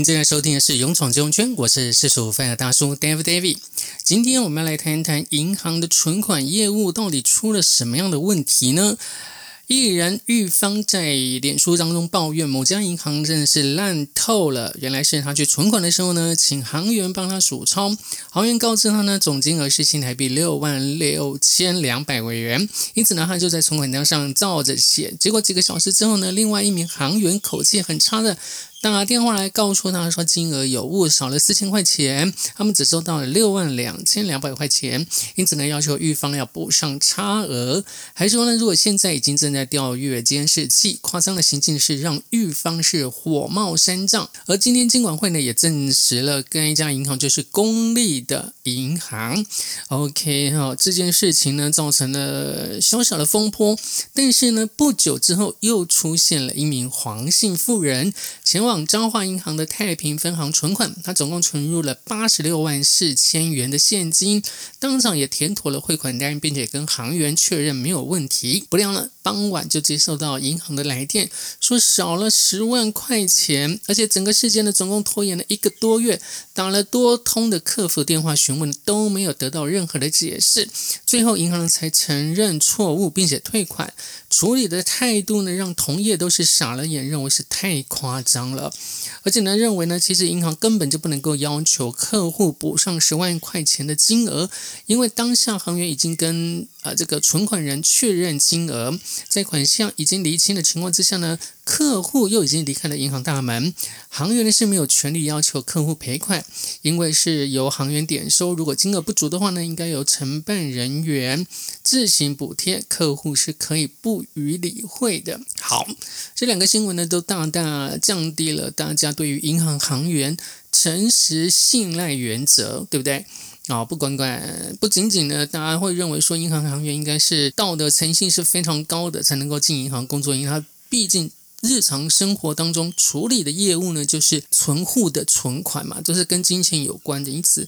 您正在收聽的是《勇闖金融圈》，我是四十五歲的大叔 Dave Davy。今天我們來談一談銀行的存款業務到底出了什麼樣的問題呢？藝人玉方在臉書當中抱怨某家銀行真的是爛透了。原來是他去存款的時候呢，請行員幫他數鈔，行員告知他呢總金額是新台幣六萬六千兩百元，因此呢他就在存款單上照着寫。結果幾個小時之後呢，另外一名行員口氣很差的。打了電話來告訴他說，金額有誤，少了四千塊錢，他們只收到了六萬兩千兩百塊錢，因此呢要求玉方要補上差額，還說呢如果現在已經正在調閱監視器，誇張的行徑是讓玉方是火冒三丈，而今天金管會呢也證實了該一家銀行就是公立的。銀行，OK 哈、哦，這件事情呢造成了小小的風波，但是呢，不久之後又出現了一名黃姓婦人前往彰化銀行的太平分行存款，她總共存入了八十六萬四千元的現金，當場也填妥了匯款單，並且跟行員確認沒有問題。不料呢，當晚就接收到銀行的來電，說少了十萬塊錢，而且整個事件呢總共拖延了一個多月，打了多通的客服電話詢問。都沒有得到任何的解釋，最後銀行才承認錯誤並且退款。處理的態度呢，讓同業都是傻了眼，認為是太誇張了，而且呢，認為呢，其實銀行根本就不能夠要求客戶補上十萬塊錢的金額，因為當下行員已經跟。啊、呃，這個存款人確認金額，在款項已經釐清的情況之下呢，客戶又已經離開了銀行大門，行員是沒有權利要求客戶賠款，因為是由行員點收，如果金額不足的話呢，應該由承辦人員自行補貼，客戶是可以不予理會的。好，這兩個新聞呢，都大大降低了大家對於銀行行員誠實信賴原則，對不對？啊，不管管，不僅僅呢，大家會認為說，銀行行員應該是道德誠信是非常高的，才能夠進銀行工作。因為它畢竟日常生活當中處理的業務呢，就是存戶的存款嘛，都、就是跟金錢有關的。因此，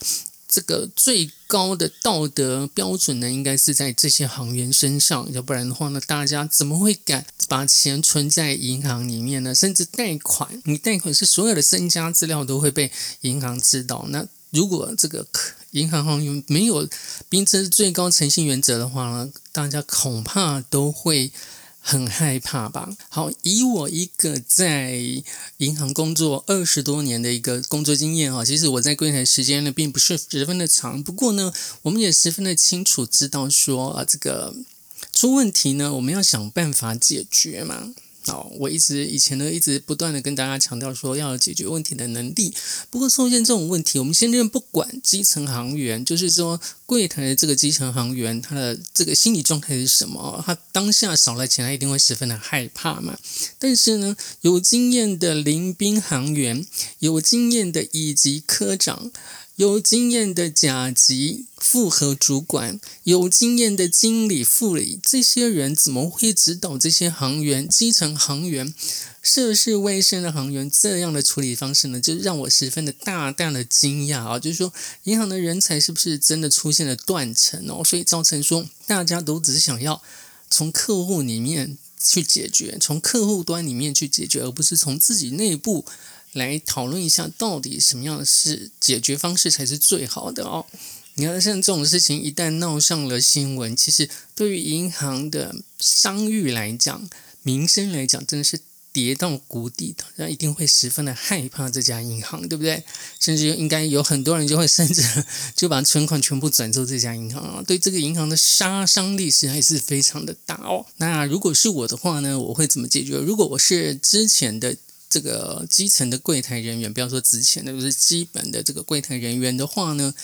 這個最高的道德標準呢，應該是在這些行員身上。要不然的話呢，大家怎麼會敢把錢存在銀行裡面呢？甚至貸款，你貸款是所有的身家資料都會被銀行知道。那如果這個銀行行業沒有秉持最高誠信原則的話呢，大家恐怕都會很害怕吧。好，以我一個在銀行工作二十多年的一個工作經驗哈，其實我在櫃檯時間呢並不是十分的長，不過呢，我們也十分的清楚知道說啊，這個出問題呢，我們要想辦法解決嘛。哦，我一直以前呢一直不斷的跟大家強調說，要解決問題的能力。不過出現這種問題，我們先不管基層行員，就是說櫃檯的這個基層行員他的這個心理狀態是什麼？他當下少了錢，他一定會十分的害怕嘛。但是呢，有經驗的臨賓行員，有經驗的以及科長，有經驗的甲級复合主管，有經驗的經理副理，這些人怎麼會指導這些行員、基層行員、涉世未深的行員這樣的處理方式呢？就讓我十分的大大的驚訝啊！就是說，銀行的人才是不是真的出現了斷層哦？所以造成說，大家都只想要從客戶裡面去解決，從客戶端裡面去解決，而不是從自己內部。來討論一下，到底什麼樣是解決方式才是最好的哦？你看，像這種事情一旦鬧上了新聞，其實對於銀行的商譽來講、名聲來講，真的是跌到谷底的。那一定會十分的害怕這家銀行，對不對？甚至應該有很多人就會，甚至就把存款全部轉走這家銀行啊！對這個銀行的殺傷力，實在是非常的大哦。那如果是我的話呢，我會怎麼解決？如果我是之前的。這個基層的櫃台人員，不要說值錢的，就是基本的這個櫃台人員的話呢，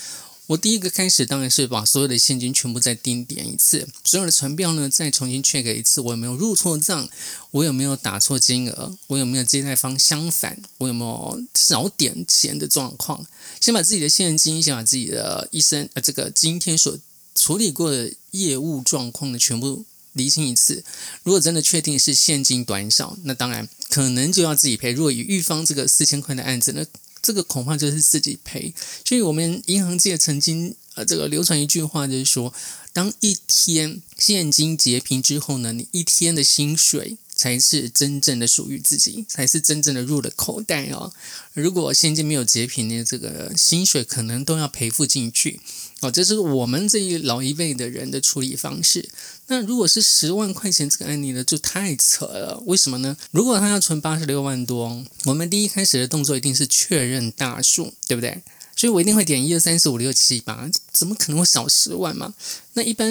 我第一個開始當然是把所有的現金全部再定點一次，所有的傳票呢再重新確 k 一次，我有沒有入錯賬，我有沒有打錯金額，我有沒有接待方相反，我有沒有少點錢的狀況，先把自己的現金，先把自己的醫生、呃、這個今天所處理過的業務狀況呢全部。釐清一次，如果真的確定是現金短少，那當然可能就要自己賠。如果以預防這個四千塊的案子，那這個恐怕就是自己賠。所以我們銀行界曾經呃，這個流傳一句話，就是說，當一天現金結平之後呢，你一天的薪水才是真正的屬於自己，才是真正的入了口袋哦。如果現金沒有結平呢，這個薪水可能都要賠付進去。哦，這是我們這一老一輩的人的處理方式。那如果是十萬塊錢這個案例呢，就太扯了。為什麼呢？如果他要存八十六萬多，我們第一開始的動作一定是確認大數，對不對？所以我一定會點一二三四五六七八，怎麼可能會少十萬嘛？那一般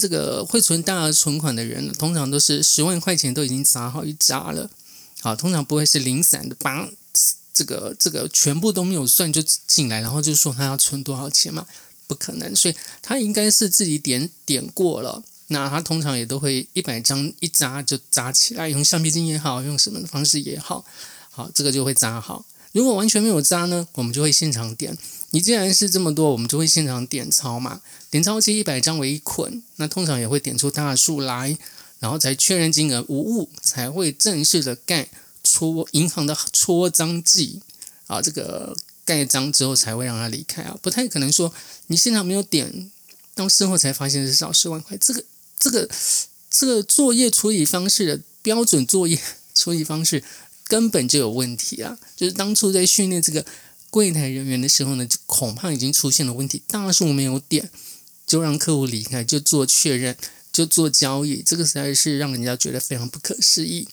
這個會存大額存款的人，通常都是十萬塊錢都已經紮好一紮了。好、哦，通常不會是零散的把這個這個全部都沒有算就進來，然後就說他要存多少錢嘛？不可能，所以他應該是自己點點過了。那他通常也都會一百張一紮就紮起來，用橡皮筋也好，用什麼方式也好，好，這個就會紮好。如果完全沒有紮呢，我們就會現場點。你既然是這麼多，我們就會現場點鈔嘛，點鈔機一百張為一捆，那通常也會點出大數來，然後才確認金額無誤，才會正式的蓋戳銀行的戳章記啊，這個。蓋章之後才會讓他離開啊，不太可能說你現場沒有點，到事後才發現是少十萬塊。這個、這個、這個作業處理方式的標準作業處理方式根本就有問題啊！就是當初在訓練這個櫃台人員的時候呢，就恐怕已經出現了問題。大數沒有點，就讓客戶離開，就做確認，就做交易，這個實在是讓人家覺得非常不可思議。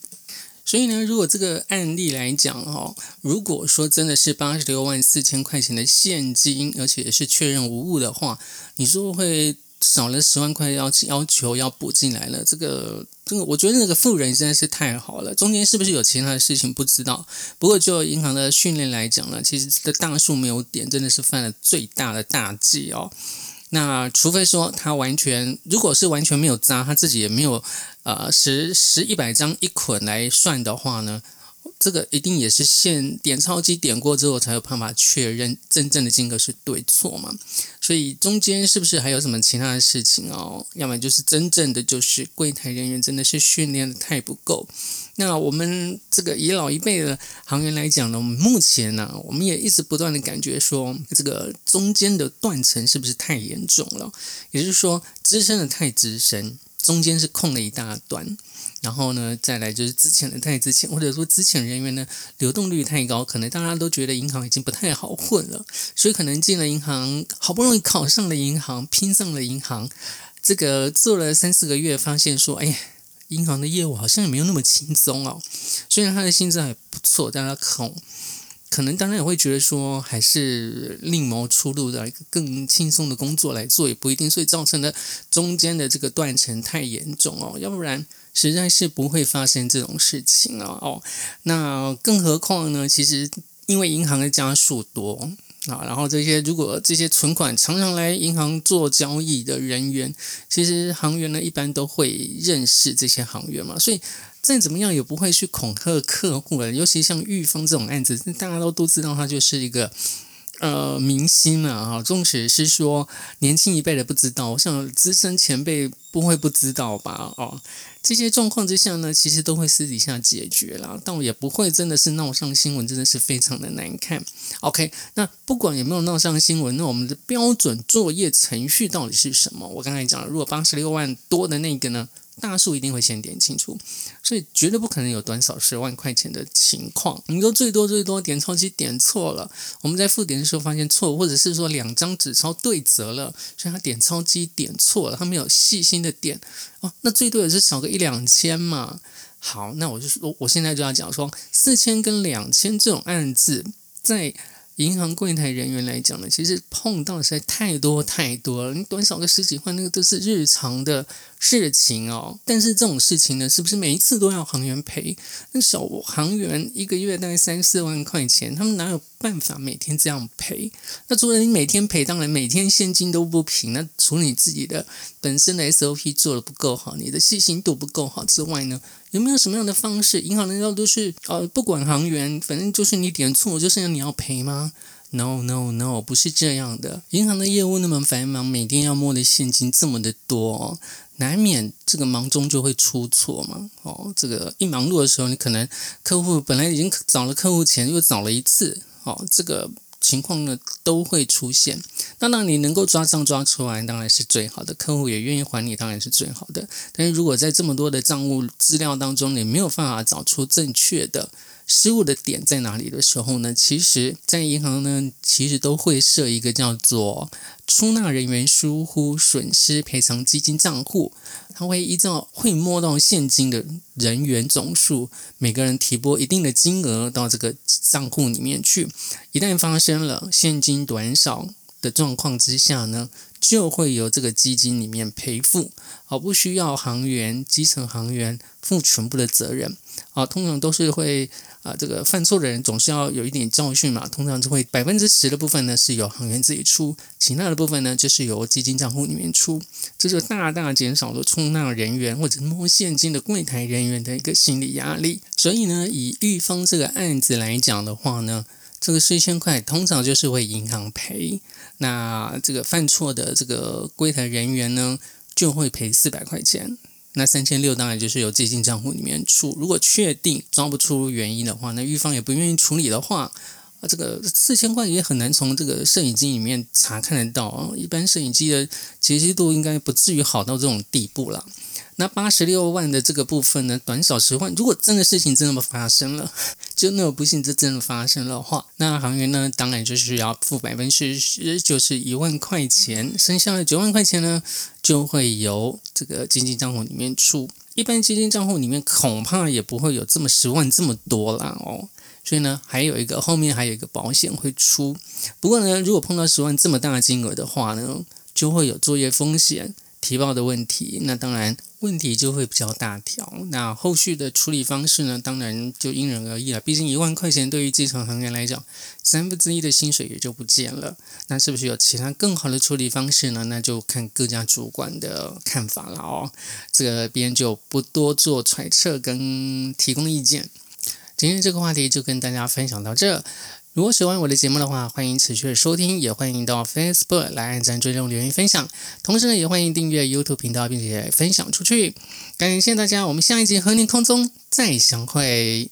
所以呢，如果這個案例來講哦，如果說真的是八十六萬四千塊錢的現金，而且也是確認無誤的話，你說會少了十萬塊要要求要補進來了？這個這個，我覺得那個富人實在是太好了。中間是不是有其他的事情不知道？不過就銀行的訓練來講呢，其實這個大數沒有點，真的是犯了最大的大忌哦。那除非說他完全，如果是完全沒有紮，他自己也沒有，呃，十十一百張一捆來算的話呢，這個一定也是現點鈔機點過之後才有辦法確認真正的金額是對錯嘛。所以中間是不是還有什麼其他的事情哦？要麼就是真正的就是櫃台人員真的是訓練得太不夠。那我們這個以老一輩的行員來講呢，我們目前呢，啊，我們也一直不斷的感覺說，這個中間的斷層是不是太嚴重了？也就是說，資深的太資深，中間是空了一大段，然後呢，再來就是之前的太之前，或者說之前人員呢流動率太高，可能大家都覺得銀行已經不太好混了，所以可能進了銀行，好不容易考上了銀行，拼上了銀行，這個做了三四個月，發現說，哎。銀行的業務好像也沒有那麼輕鬆哦，雖然他的薪資還不錯，大家可能當然也會覺得說，還是另謀出路的一個更輕鬆的工作來做也不一定，所以造成的中間的這個斷層太嚴重哦，要不然實在是不會發生這種事情哦。哦。那更何況呢？其實因為銀行的家數多。啊，然後這些如果這些存款常常來銀行做交易的人員，其實行員呢，一般都會認識這些行員嘛，所以再怎麼樣也不會去恐嚇客戶了。尤其像玉峰這種案子，大家都都知道，他就是一個。呃，明星啊，哈，縱使是說年輕一輩的不知道，我想資深前輩不會不知道吧？哦，這些狀況之下呢，其實都會私底下解決了，但我也不會真的是鬧上新聞，真的是非常的難看。OK，那不管有沒有鬧上新聞，那我們的標準作業程序到底是什麼？我剛才講了，如果八十六萬多的那個呢？大數一定會先點清楚，所以絕對不可能有短少十萬塊錢的情況。你說最多最多點鈔機點錯了，我們在複點的時候發現錯，或者是說兩張紙鈔對折了，所以他點鈔機點錯了，他沒有細心的點哦，那最多也是少個一兩千嘛。好，那我就我我現在就要講說四千跟兩千這種案子在。銀行櫃台人員來講呢，其實碰到實在太多太多了。你短少個十幾塊，那個都是日常的事情哦。但是這種事情呢，是不是每一次都要行員賠？那小行員一個月大概三四萬塊錢，他們哪有？辦法每天這樣賠，那除了你每天賠，當然每天現金都不平。那除你自己的本身的 SOP 做得不夠好，你的細心度不夠好之外呢，有沒有什麼樣的方式？銀行難道都是呃不管行員，反正就是你點錯，就是你要賠嗎？No no no，不是這樣的。銀行的業務那麼繁忙，每天要摸的現金這麼的多。難免這個忙中就會出錯嘛，哦，這個一忙碌的時候，你可能客戶本來已經找了客戶錢，又找了一次，哦，這個情況呢都會出現。當然你能夠抓賬抓出來，當然是最好的，客戶也願意還你，當然是最好的。但是如果在這麼多的賬務資料當中，你沒有辦法找出正確的。失誤的點在哪裡的時候呢？其實，在銀行呢，其實都會設一個叫做“出納人員疏忽損失賠償基金賬戶”，它會依照會摸到現金的人員總數，每個人提撥一定的金額到這個賬戶裡面去。一旦發生了現金短少的狀況之下呢，就會由這個基金裡面賠付，啊，不需要行員、基層行員負全部的責任，啊，通常都是會啊、呃，這個犯錯的人總是要有一點教訓嘛，通常就會百分之十的部分呢是由行員自己出，其他的部分呢就是由基金賬戶裡面出，這就大大減少了出納人員或者摸現金的櫃台人員的一個心理壓力，所以呢，以預防這個案子來講的話呢。這個四千塊，通常就是為銀行賠。那這個犯錯的這個櫃台人員呢，就會賠四百塊錢。那三千六當然就是由基金賬戶裡面出。如果確定抓不出原因的話，那玉方也不願意處理的話。啊，這個四千塊也很難從這個攝影機裡面查看得到啊，一般攝影機的清晰度應該不至於好到這種地步了。那八十六萬的這個部分呢，短少十萬，如果真的事情真的發生了，就那麼不幸這真的發生了的話，那行員呢，當然就是要付百分之十，就是一萬塊錢，剩下的九萬塊錢呢，就會由這個基金賬戶裡面出。一般基金賬戶裡面恐怕也不會有這麼十萬這麼多啦哦，所以呢，還有一個後面還有一個保險會出，不過呢，如果碰到十萬這麼大金額的話呢，就會有作業風險。提報的問題，那當然問題就會比較大條。那後續的處理方式呢？當然就因人而異了。畢竟一萬塊錢對於基層行員來講，三分之一的薪水也就不見了。那是不是有其他更好的處理方式呢？那就看各家主管的看法了哦。這邊就不多做揣測跟提供意見。今天這個話題就跟大家分享到這。如果喜歡我的節目的話，歡迎持續的收聽，也歡迎到 Facebook 來按讚、追蹤、留言、分享。同時呢，也歡迎訂閱 YouTube 頻道，並且分享出去。感謝大家，我們下一集和您空中再相會。